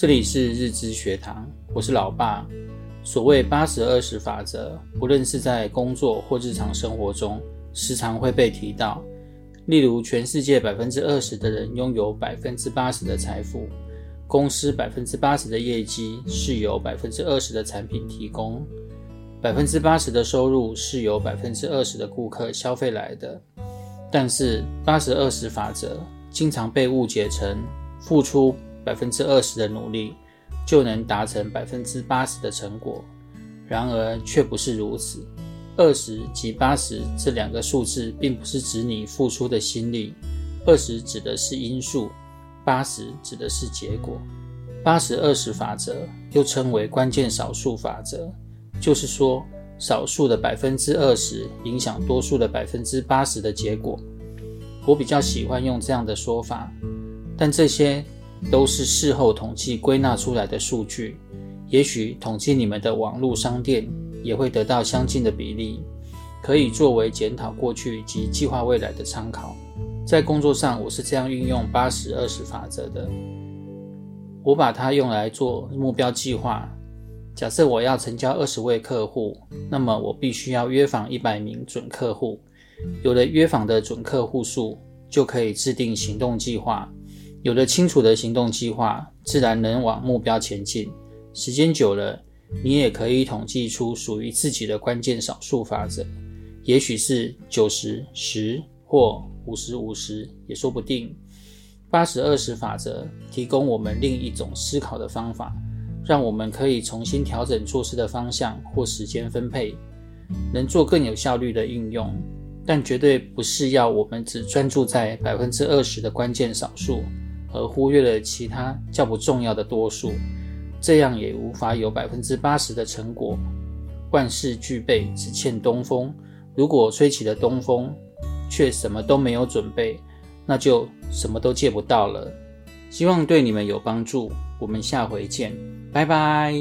這裡是日知學堂，我是老爸。所謂八十二十法則，不論是在工作或日常生活中，時常會被提到。例如，全世界百分之二十的人擁有百分之八十的財富；公司百分之八十的業績是由百分之二十的產品提供；百分之八十的收入是由百分之二十的顧客消費來的。但是，八十二十法則經常被誤解成付出。百分之二十的努力就能達成百分之八十的成果，然而卻不是如此。二十及八十這兩個數字，並不是指你付出的心力，二十指的是因素，八十指的是結果。八十二十法則又稱為關鍵少數法則，就是說少數的百分之二十影響多數的百分之八十的結果。我比較喜歡用這樣的說法，但這些。都是事後統計歸納出來的數據，也許統計你們的網路商店也會得到相近的比例，可以作為檢討過去及計劃未來的參考。在工作上，我是這樣運用八十二十法則的：我把它用來做目標計劃。假設我要成交二十位客戶，那麼我必須要約訪一百名準客戶。有了約訪的準客戶數，就可以制定行動計劃。有了清楚的行動計劃，自然能往目標前進。時間久了，你也可以統計出屬於自己的關鍵少數法則，也許是九十十或五十五十，也說不定。八十二十法則提供我們另一種思考的方法，讓我們可以重新調整做事的方向或時間分配，能做更有效率的運用。但絕對不是要我們只專注在百分之二十的關鍵少數。而忽略了其他較不重要的多數，這樣也無法有百分之八十的成果。萬事俱備，只欠東風。如果吹起了東風，卻什麼都沒有準備，那就什麼都借不到了。希望對你們有幫助，我們下回見，拜拜。